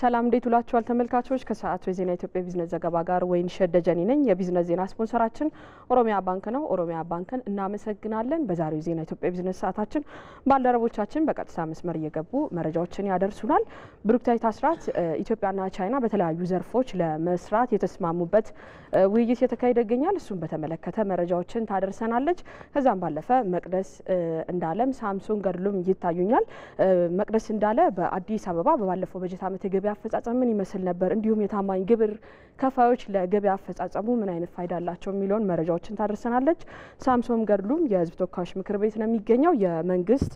ሰላም እንዴት ውላችኋል ተመልካቾች። ከሰዓቱ የዜና ኢትዮጵያ ቢዝነስ ዘገባ ጋር ወይን ሸደጀኒ ነኝ። የቢዝነስ ዜና ስፖንሰራችን ኦሮሚያ ባንክ ነው። ኦሮሚያ ባንክን እናመሰግናለን። በዛሬው ዜና ኢትዮጵያ ቢዝነስ ሰዓታችን ባልደረቦቻችን በቀጥታ መስመር እየገቡ መረጃዎችን ያደርሱናል። ብሩክታዊት አስራት ኢትዮጵያና ቻይና በተለያዩ ዘርፎች ለመስራት የተስማሙበት ውይይት የተካሄደ ይገኛል። እሱን በተመለከተ መረጃዎችን ታደርሰናለች። ከዛም ባለፈ መቅደስ እንዳለም ሳምሶን ገድሉም ይታዩኛል። መቅደስ እንዳለ በአዲስ አበባ በባለፈው በጀት ዓመት የገበያ አፈጻጸም ምን ይመስል ነበር፣ እንዲሁም የታማኝ ግብር ከፋዮች ለገበያ አፈጻጸሙ ምን አይነት ፋይዳ አላቸው የሚለውን መረጃዎችን ታደርሰናለች። ሳምሶን ገድሉም የህዝብ ተወካዮች ምክር ቤት ነው የሚገኘው። የመንግስት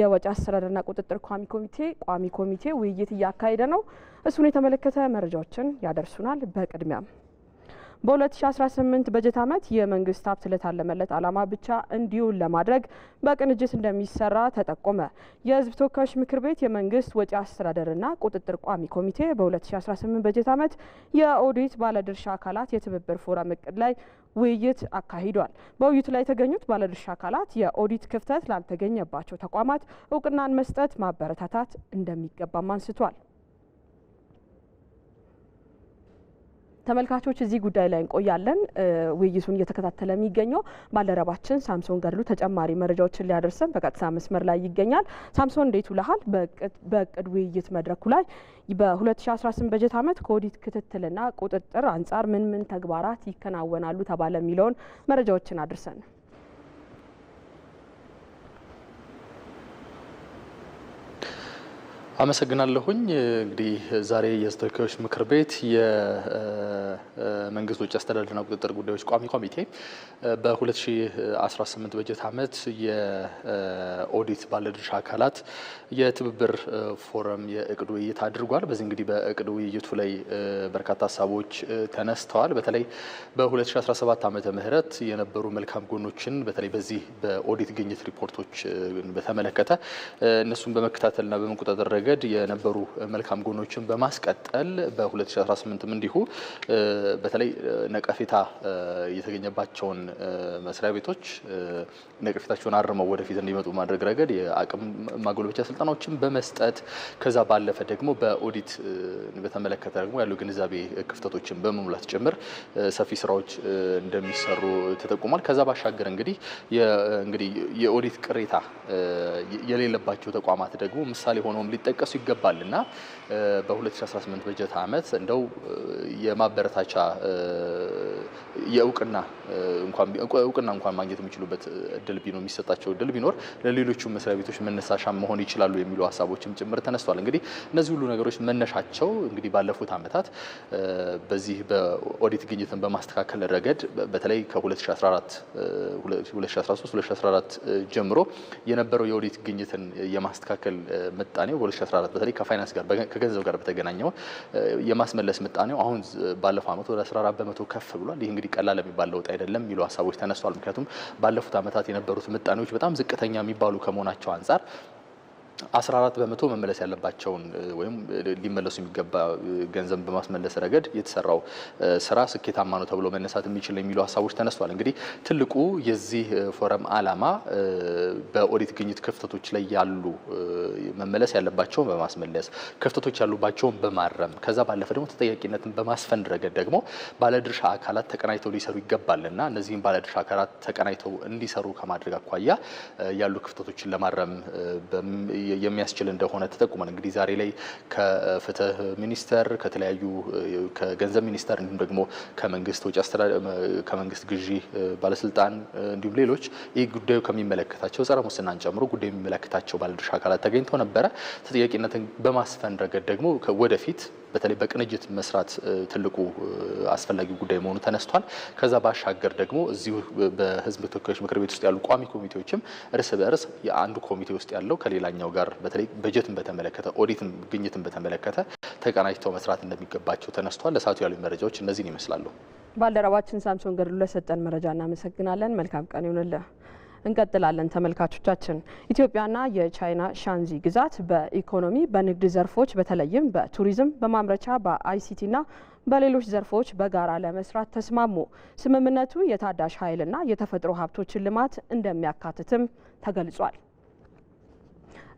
የወጪ አስተዳደርና ቁጥጥር ቋሚ ኮሚቴ ቋሚ ኮሚቴ ውይይት እያካሄደ ነው። እሱን የተመለከተ መረጃዎችን ያደርሱናል። በቅድሚያም በ2018 በጀት ዓመት የመንግስት ሀብት ለታለመለት ዓላማ ብቻ እንዲውል ለማድረግ በቅንጅት እንደሚሰራ ተጠቆመ። የህዝብ ተወካዮች ምክር ቤት የመንግስት ወጪ አስተዳደርና ቁጥጥር ቋሚ ኮሚቴ በ2018 በጀት ዓመት የኦዲት ባለድርሻ አካላት የትብብር ፎረም እቅድ ላይ ውይይት አካሂዷል። በውይይቱ ላይ የተገኙት ባለድርሻ አካላት የኦዲት ክፍተት ላልተገኘባቸው ተቋማት እውቅናን መስጠት ማበረታታት እንደሚገባም አንስቷል። ተመልካቾች እዚህ ጉዳይ ላይ እንቆያለን። ውይይቱን እየተከታተለ የሚገኘው ባልደረባችን ሳምሶን ገድሉ ተጨማሪ መረጃዎችን ሊያደርሰን በቀጥታ መስመር ላይ ይገኛል። ሳምሶን እንዴት ውለሃል? በእቅድ ውይይት መድረኩ ላይ በ2018 በጀት ዓመት ከኦዲት ክትትልና ቁጥጥር አንጻር ምን ምን ተግባራት ይከናወናሉ ተባለ የሚለውን መረጃዎችን አድርሰን አመሰግናለሁኝ። እንግዲህ ዛሬ የሕዝብ ምክር ቤት የመንግስት ወጪ አስተዳደርና ቁጥጥር ጉዳዮች ቋሚ ኮሚቴ በ2018 በጀት ዓመት የኦዲት ባለድርሻ አካላት የትብብር ፎረም የእቅድ ውይይት አድርጓል። በዚህ እንግዲህ በእቅድ ውይይቱ ላይ በርካታ ሀሳቦች ተነስተዋል። በተለይ በ2017 ዓመተ ምህረት የነበሩ መልካም ጎኖችን በተለይ በዚህ በኦዲት ግኝት ሪፖርቶች በተመለከተ እነሱን በመከታተልና በመቆጣጠር ረገድ የነበሩ መልካም ጎኖችን በማስቀጠል በ2018ም እንዲሁ በተለይ ነቀፌታ የተገኘባቸውን መስሪያ ቤቶች ነቀፌታቸውን አርመው ወደፊት እንዲመጡ ማድረግ ረገድ የአቅም ማጎልበቻ ስልጠናዎችን በመስጠት ከዛ ባለፈ ደግሞ በኦዲት በተመለከተ ደግሞ ያሉ ግንዛቤ ክፍተቶችን በመሙላት ጭምር ሰፊ ስራዎች እንደሚሰሩ ተጠቁሟል። ከዛ ባሻገር እንግዲህ እንግዲህ የኦዲት ቅሬታ የሌለባቸው ተቋማት ደግሞ ምሳሌ ሆነውም ሊጠቀ ሊጠቀሱ ይገባል እና በ2018 በጀት ዓመት እንደው የማበረታቻ የእውቅና እንኳን እውቅና እንኳን ማግኘት የሚችሉበት እድል ቢኖር የሚሰጣቸው እድል ቢኖር ለሌሎቹ መስሪያ ቤቶች መነሳሻ መሆን ይችላሉ የሚሉ ሀሳቦችም ጭምር ተነስቷል። እንግዲህ እነዚህ ሁሉ ነገሮች መነሻቸው እንግዲህ ባለፉት ዓመታት በዚህ በኦዲት ግኝትን በማስተካከል ረገድ በተለይ ከ2014 2013 2014 ጀምሮ የነበረው የኦዲት ግኝትን የማስተካከል ምጣኔ በ 2014 በተለይ ከፋይናንስ ጋር ከገንዘብ ጋር በተገናኘው የማስመለስ ምጣኔው አሁን ባለፈው አመት ወደ 14 በመቶ ከፍ ብሏል። ይህ እንግዲህ ቀላል የሚባል ለውጥ አይደለም የሚሉ ሀሳቦች ተነስተዋል። ምክንያቱም ባለፉት ዓመታት የነበሩት ምጣኔዎች በጣም ዝቅተኛ የሚባሉ ከመሆናቸው አንጻር 14 በመቶ መመለስ ያለባቸውን ወይም ሊመለሱ የሚገባ ገንዘብ በማስመለስ ረገድ የተሰራው ስራ ስኬታማ ነው ተብሎ መነሳት የሚችል የሚሉ ሀሳቦች ተነስቷል። እንግዲህ ትልቁ የዚህ ፎረም አላማ በኦዲት ግኝት ክፍተቶች ላይ ያሉ መመለስ ያለባቸውን በማስመለስ ክፍተቶች ያሉባቸውን በማረም ከዛ ባለፈ ደግሞ ተጠያቂነትን በማስፈን ረገድ ደግሞ ባለድርሻ አካላት ተቀናጅተው ሊሰሩ ይገባልና እነዚህም ባለድርሻ አካላት ተቀናጅተው እንዲሰሩ ከማድረግ አኳያ ያሉ ክፍተቶችን ለማረም የሚያስችል እንደሆነ ተጠቁሟል። እንግዲህ ዛሬ ላይ ከፍትህ ሚኒስተር ከተለያዩ ከገንዘብ ሚኒስተር እንዲሁም ደግሞ ከመንግስት ወጪ ከመንግስት ግዢ ባለስልጣን እንዲሁም ሌሎች ይህ ጉዳዩ ከሚመለከታቸው ጸረ ሙስናን ጨምሮ ጉዳዩ የሚመለከታቸው ባለድርሻ አካላት ተገኝተው ነበረ። ተጠያቂነትን በማስፈን ረገድ ደግሞ ወደፊት በተለይ በቅንጅት መስራት ትልቁ አስፈላጊ ጉዳይ መሆኑ ተነስቷል። ከዛ ባሻገር ደግሞ እዚሁ በህዝብ ተወካዮች ምክር ቤት ውስጥ ያሉ ቋሚ ኮሚቴዎችም እርስ በእርስ የአንዱ ኮሚቴ ውስጥ ያለው ከሌላኛው ጋር በተለይ በጀትን በተመለከተ ኦዲትን፣ ግኝትን በተመለከተ ተቀናጅተው መስራት እንደሚገባቸው ተነስቷል። ለሰዓቱ ያሉ መረጃዎች እነዚህን ይመስላሉ። ባልደረባችን ሳምሶን ገድሉ ለሰጠን መረጃ እናመሰግናለን። መልካም ቀን ይሁንልህ። እንቀጥላለን ተመልካቾቻችን። ኢትዮጵያና የቻይና ሻንዚ ግዛት በኢኮኖሚ በንግድ ዘርፎች በተለይም በቱሪዝም፣ በማምረቻ፣ በአይሲቲና በሌሎች ዘርፎች በጋራ ለመስራት ተስማሙ። ስምምነቱ የታዳሽ ኃይልና የተፈጥሮ ሀብቶችን ልማት እንደሚያካትትም ተገልጿል።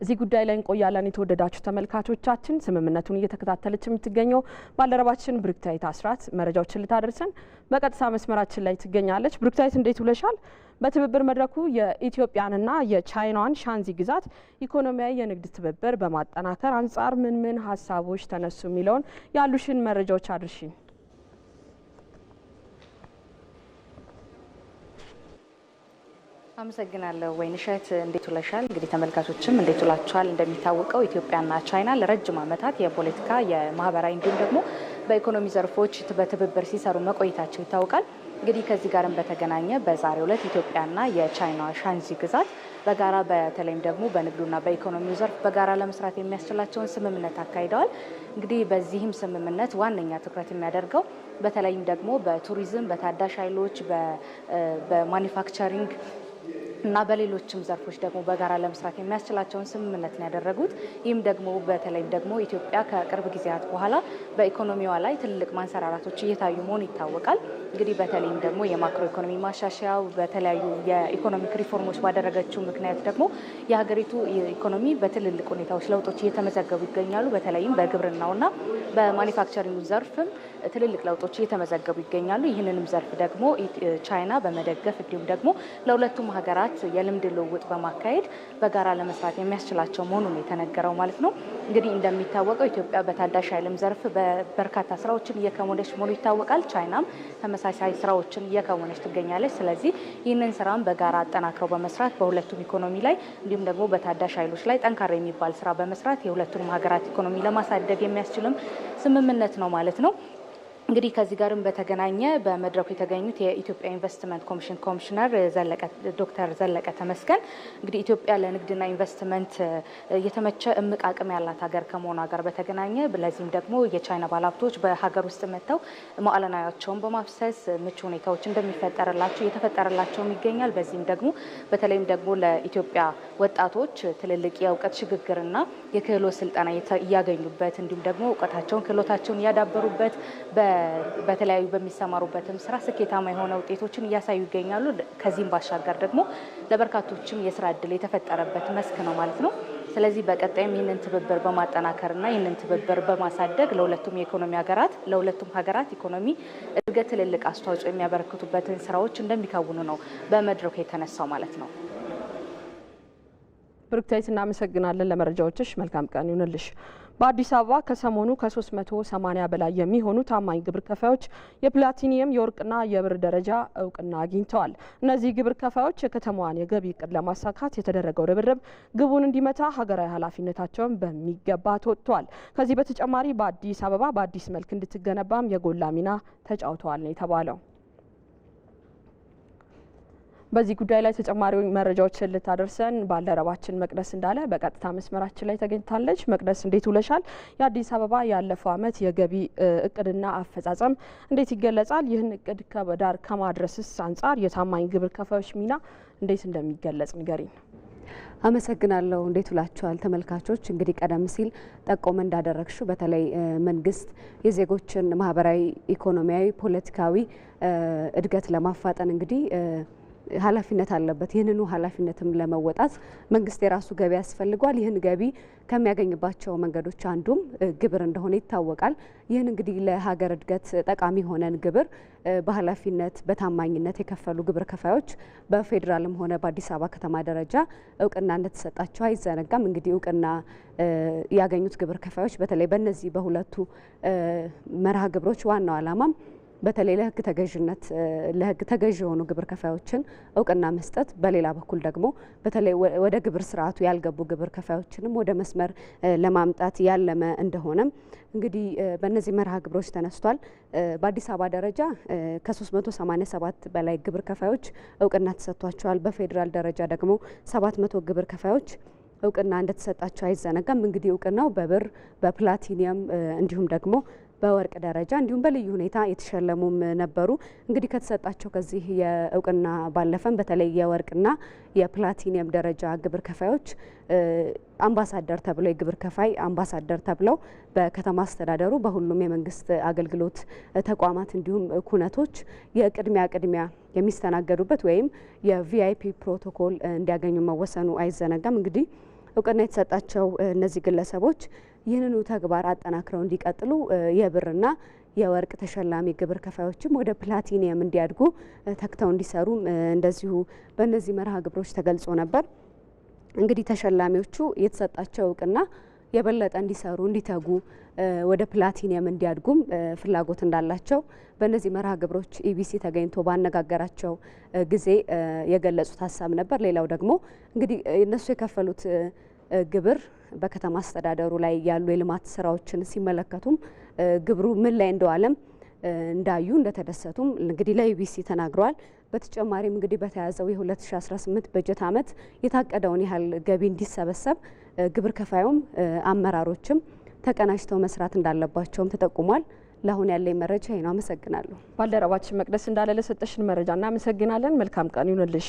እዚህ ጉዳይ ላይ እንቆያለን። የተወደዳችሁ ተመልካቾቻችን ስምምነቱን እየተከታተለች የምትገኘው ባልደረባችን ብሩክታይት አስራት መረጃዎችን ልታደርሰን በቀጥታ መስመራችን ላይ ትገኛለች። ብሩክታይት እንዴት ውለሻል? በትብብር መድረኩ የኢትዮጵያንና የቻይናን ሻንዚ ግዛት ኢኮኖሚያዊ የንግድ ትብብር በማጠናከር አንጻር ምን ምን ሀሳቦች ተነሱ የሚለውን ያሉሽን መረጃዎች አድርሽኝ። አመሰግናለሁ ወይንሸት። እንዴት ውለሻል? እንግዲህ ተመልካቾችም እንዴት ውላችኋል? እንደሚታወቀው ኢትዮጵያና ቻይና ለረጅም ዓመታት የፖለቲካ የማህበራዊ እንዲሁም ደግሞ በኢኮኖሚ ዘርፎች በትብብር ሲሰሩ መቆየታቸው ይታወቃል። እንግዲህ ከዚህ ጋርም በተገናኘ በዛሬው ዕለት ኢትዮጵያና የቻይና ሻንዚ ግዛት በጋራ በተለይም ደግሞ በንግዱና በኢኮኖሚው ዘርፍ በጋራ ለመስራት የሚያስችላቸውን ስምምነት አካሂደዋል። እንግዲህ በዚህም ስምምነት ዋነኛ ትኩረት የሚያደርገው በተለይም ደግሞ በቱሪዝም፣ በታዳሽ ኃይሎች፣ በማኒፋክቸሪንግ እና በሌሎችም ዘርፎች ደግሞ በጋራ ለመስራት የሚያስችላቸውን ስምምነት ነው ያደረጉት። ይህም ደግሞ በተለይም ደግሞ ኢትዮጵያ ከቅርብ ጊዜያት በኋላ በኢኮኖሚዋ ላይ ትልቅ ማንሰራራቶች እየታዩ መሆኑ ይታወቃል። እንግዲህ በተለይም ደግሞ የማክሮ ኢኮኖሚ ማሻሻያው በተለያዩ የኢኮኖሚክ ሪፎርሞች ባደረገችው ምክንያት ደግሞ የሀገሪቱ ኢኮኖሚ በትልልቅ ሁኔታዎች ለውጦች እየተመዘገቡ ይገኛሉ። በተለይም በግብርናውና በማኒፋክቸሪንግ ዘርፍም ትልልቅ ለውጦች እየተመዘገቡ ይገኛሉ። ይህንንም ዘርፍ ደግሞ ቻይና በመደገፍ እንዲሁም ደግሞ ለሁለቱም ሀገራት ተቋማት የልምድ ልውውጥ በማካሄድ በጋራ ለመስራት የሚያስችላቸው መሆኑን የተነገረው ማለት ነው። እንግዲህ እንደሚታወቀው ኢትዮጵያ በታዳሽ ኃይልም ዘርፍ በርካታ ስራዎችን እየከወነች መሆኑ ይታወቃል። ቻይናም ተመሳሳይ ስራዎችን እየከወነች ትገኛለች። ስለዚህ ይህንን ስራም በጋራ አጠናክረው በመስራት በሁለቱም ኢኮኖሚ ላይ እንዲሁም ደግሞ በታዳሽ ኃይሎች ላይ ጠንካራ የሚባል ስራ በመስራት የሁለቱንም ሀገራት ኢኮኖሚ ለማሳደግ የሚያስችልም ስምምነት ነው ማለት ነው። እንግዲህ ከዚህ ጋርም በተገናኘ በመድረኩ የተገኙት የኢትዮጵያ ኢንቨስትመንት ኮሚሽን ኮሚሽነር ዶክተር ዘለቀ ተመስገን እንግዲህ ኢትዮጵያ ለንግድና ኢንቨስትመንት የተመቸ እምቅ አቅም ያላት ሀገር ከመሆኗ ጋር በተገናኘ ለዚህም ደግሞ የቻይና ባለሀብቶች በሀገር ውስጥ መጥተው መዋዕለ ንዋያቸውን በማፍሰስ ምቹ ሁኔታዎች እንደሚፈጠርላቸው እየተፈጠረላቸውም ይገኛል። በዚህም ደግሞ በተለይም ደግሞ ለኢትዮጵያ ወጣቶች ትልልቅ የእውቀት ሽግግርና የክህሎት ስልጠና እያገኙበት እንዲሁም ደግሞ እውቀታቸውን ክህሎታቸውን እያዳበሩበት በተለያዩ በሚሰማሩበትም ስራ ስኬታማ የሆነ ውጤቶችን እያሳዩ ይገኛሉ። ከዚህም ባሻገር ደግሞ ለበርካቶችም የስራ እድል የተፈጠረበት መስክ ነው ማለት ነው። ስለዚህ በቀጣይም ይህንን ትብብር በማጠናከርና ይህንን ትብብር በማሳደግ ለሁለቱም የኢኮኖሚ ሀገራት ለሁለቱም ሀገራት ኢኮኖሚ እድገት ትልልቅ አስተዋጽኦ የሚያበረክቱበትን ስራዎች እንደሚከውኑ ነው በመድረኩ የተነሳው ማለት ነው። ብሩክታዊት እናመሰግናለን ለመረጃዎችሽ። መልካም ቀን ይሁንልሽ። በአዲስ አበባ ከሰሞኑ ከ380 በላይ የሚሆኑ ታማኝ ግብር ከፋዮች የፕላቲኒየም የወርቅና የብር ደረጃ እውቅና አግኝተዋል። እነዚህ ግብር ከፋዮች የከተማዋን የገቢ እቅድ ለማሳካት የተደረገው ርብርብ ግቡን እንዲመታ ሀገራዊ ኃላፊነታቸውን በሚገባ ተወጥተዋል። ከዚህ በተጨማሪ በአዲስ አበባ በአዲስ መልክ እንድትገነባም የጎላ ሚና ተጫውተዋል ነው የተባለው። በዚህ ጉዳይ ላይ ተጨማሪ መረጃዎችን ልታደርሰን ባልደረባችን መቅደስ እንዳለ በቀጥታ መስመራችን ላይ ተገኝታለች። መቅደስ እንዴት ውለሻል? የአዲስ አበባ ያለፈው ዓመት የገቢ እቅድና አፈጻጸም እንዴት ይገለጻል? ይህን እቅድ ከዳር ከማድረስስ አንጻር የታማኝ ግብር ከፋዮች ሚና እንዴት እንደሚገለጽ ንገሪን። አመሰግናለሁ። እንዴት ውላችኋል ተመልካቾች? እንግዲህ ቀደም ሲል ጠቆም እንዳደረግሽው በተለይ መንግስት የዜጎችን ማህበራዊ፣ ኢኮኖሚያዊ፣ ፖለቲካዊ እድገት ለማፋጠን እንግዲህ ኃላፊነት አለበት። ይህንኑ ኃላፊነትም ለመወጣት መንግስት የራሱ ገቢ ያስፈልገዋል። ይህን ገቢ ከሚያገኝባቸው መንገዶች አንዱም ግብር እንደሆነ ይታወቃል። ይህን እንግዲህ ለሀገር እድገት ጠቃሚ የሆነን ግብር በኃላፊነት በታማኝነት የከፈሉ ግብር ከፋዮች በፌዴራልም ሆነ በአዲስ አበባ ከተማ ደረጃ እውቅና እንደተሰጣቸው አይዘነጋም። እንግዲህ እውቅና ያገኙት ግብር ከፋዮች በተለይ በእነዚህ በሁለቱ መርሃ ግብሮች ዋናው ዓላማም በተለይ ለህግ ተገዥነት ለህግ ተገዥ የሆኑ ግብር ከፋዮችን እውቅና መስጠት፣ በሌላ በኩል ደግሞ በተለይ ወደ ግብር ስርዓቱ ያልገቡ ግብር ከፋዮችንም ወደ መስመር ለማምጣት ያለመ እንደሆነም እንግዲህ በእነዚህ መርሃ ግብሮች ተነስቷል። በአዲስ አበባ ደረጃ ከ387 በላይ ግብር ከፋዮች እውቅና ተሰጥቷቸዋል። በፌዴራል ደረጃ ደግሞ 700 ግብር ከፋዮች እውቅና እንደተሰጣቸው አይዘነጋም። እንግዲህ እውቅናው በብር በፕላቲኒየም እንዲሁም ደግሞ በወርቅ ደረጃ እንዲሁም በልዩ ሁኔታ የተሸለሙም ነበሩ። እንግዲህ ከተሰጣቸው ከዚህ የእውቅና ባለፈም በተለይ የወርቅና የፕላቲኒየም ደረጃ ግብር ከፋዮች አምባሳደር ተብለው የግብር ከፋይ አምባሳደር ተብለው በከተማ አስተዳደሩ በሁሉም የመንግስት አገልግሎት ተቋማት እንዲሁም ኩነቶች የቅድሚያ ቅድሚያ የሚስተናገዱበት ወይም የቪአይፒ ፕሮቶኮል እንዲያገኙ መወሰኑ አይዘነጋም። እንግዲህ እውቅና የተሰጣቸው እነዚህ ግለሰቦች ይህንኑ ተግባር አጠናክረው እንዲቀጥሉ የብርና የወርቅ ተሸላሚ ግብር ከፋዮችም ወደ ፕላቲኒየም እንዲያድጉ ተግተው እንዲሰሩ እንደዚሁ በእነዚህ መርሃ ግብሮች ተገልጾ ነበር። እንግዲህ ተሸላሚዎቹ የተሰጣቸው እውቅና የበለጠ እንዲሰሩ እንዲተጉ ወደ ፕላቲኒየም እንዲያድጉም ፍላጎት እንዳላቸው በእነዚህ መርሃ ግብሮች ኢቢሲ ተገኝቶ ባነጋገራቸው ጊዜ የገለጹት ሀሳብ ነበር። ሌላው ደግሞ እንግዲህ እነሱ የከፈሉት ግብር በከተማ አስተዳደሩ ላይ ያሉ የልማት ስራዎችን ሲመለከቱም ግብሩ ምን ላይ እንደዋለም እንዳዩ እንደተደሰቱም እንግዲህ ለዩቢሲ ተናግረዋል። በተጨማሪም እንግዲህ በተያዘው የ2018 በጀት ዓመት የታቀደውን ያህል ገቢ እንዲሰበሰብ ግብር ከፋዩም አመራሮችም ተቀናጅተው መስራት እንዳለባቸውም ተጠቁሟል። ለአሁን ያለኝ መረጃ ይህ ነው። አመሰግናለሁ። ባልደረባችን መቅደስ እንዳለ ለሰጠሽን መረጃ እናመሰግናለን። መልካም ቀን ይሁንልሽ።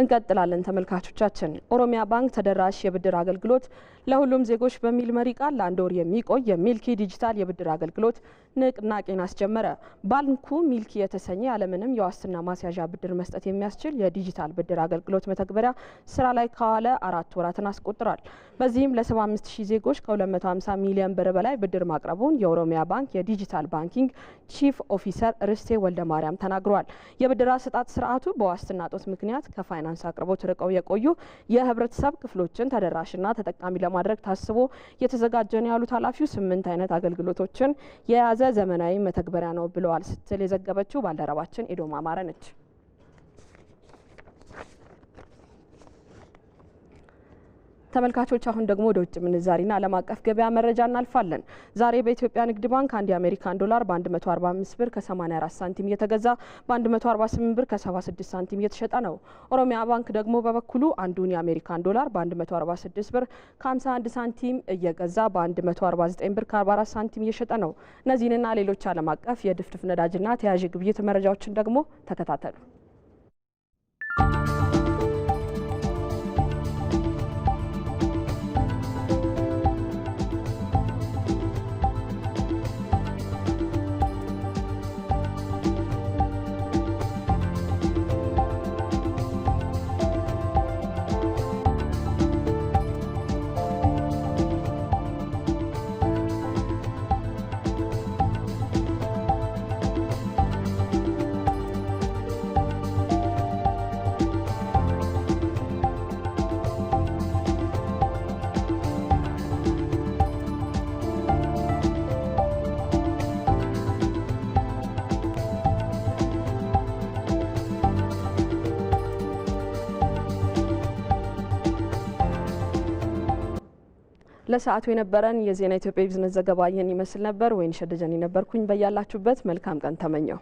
እንቀጥላለን ተመልካቾቻችን። ኦሮሚያ ባንክ ተደራሽ የብድር አገልግሎት ለሁሉም ዜጎች በሚል መሪ ቃል ለአንድ ወር የሚቆይ የሚልኪ ዲጂታል የብድር አገልግሎት ንቅናቄን አስጀመረ። ባንኩ ሚልኪ የተሰኘ ያለምንም የዋስትና ማስያዣ ብድር መስጠት የሚያስችል የዲጂታል ብድር አገልግሎት መተግበሪያ ስራ ላይ ከዋለ አራት ወራትን አስቆጥሯል። በዚህም ለ75 ሺህ ዜጎች ከ250 ሚሊዮን ብር በላይ ብድር ማቅረቡን የኦሮሚያ ባንክ የዲጂታል ባንኪንግ ቺፍ ኦፊሰር ርስቴ ወልደ ማርያም ተናግረዋል። የብድር አሰጣጥ ስርዓቱ በዋስትና ጦት ምክንያት ከፋይናንስ አቅርቦት ርቀው የቆዩ የህብረተሰብ ክፍሎችን ተደራሽና ተጠቃሚ ለማድረግ ታስቦ የተዘጋጀ ነው ያሉት ኃላፊው ስምንት አይነት አገልግሎቶችን የያዘ ዘመናዊ መተግበሪያ ነው ብለዋል ስትል የዘገበችው ባልደረባችን ኤዶማ አማረ ነች። ተመልካቾች አሁን ደግሞ ወደ ውጭ ምንዛሪና ዓለም አቀፍ ገበያ መረጃ እናልፋለን። ዛሬ በኢትዮጵያ ንግድ ባንክ አንድ የአሜሪካን ዶላር በ145 ብር ከ84 ሳንቲም እየተገዛ በ148 ብር ከ76 ሳንቲም እየተሸጠ ነው። ኦሮሚያ ባንክ ደግሞ በበኩሉ አንዱን የአሜሪካን ዶላር በ146 ብር ከ51 ሳንቲም እየገዛ በ149 ብር ከ44 ሳንቲም እየሸጠ ነው። እነዚህንና ሌሎች ዓለም አቀፍ የድፍድፍ ነዳጅና ተያያዥ ግብይት መረጃዎችን ደግሞ ተከታተሉ። ለሰዓቱ የነበረን የዜና ኢትዮጵያ ቢዝነስ ዘገባ ይህን ይመስል ነበር። ወይን ሸደጀን የነበርኩኝ። በያላችሁበት መልካም ቀን ተመኘው።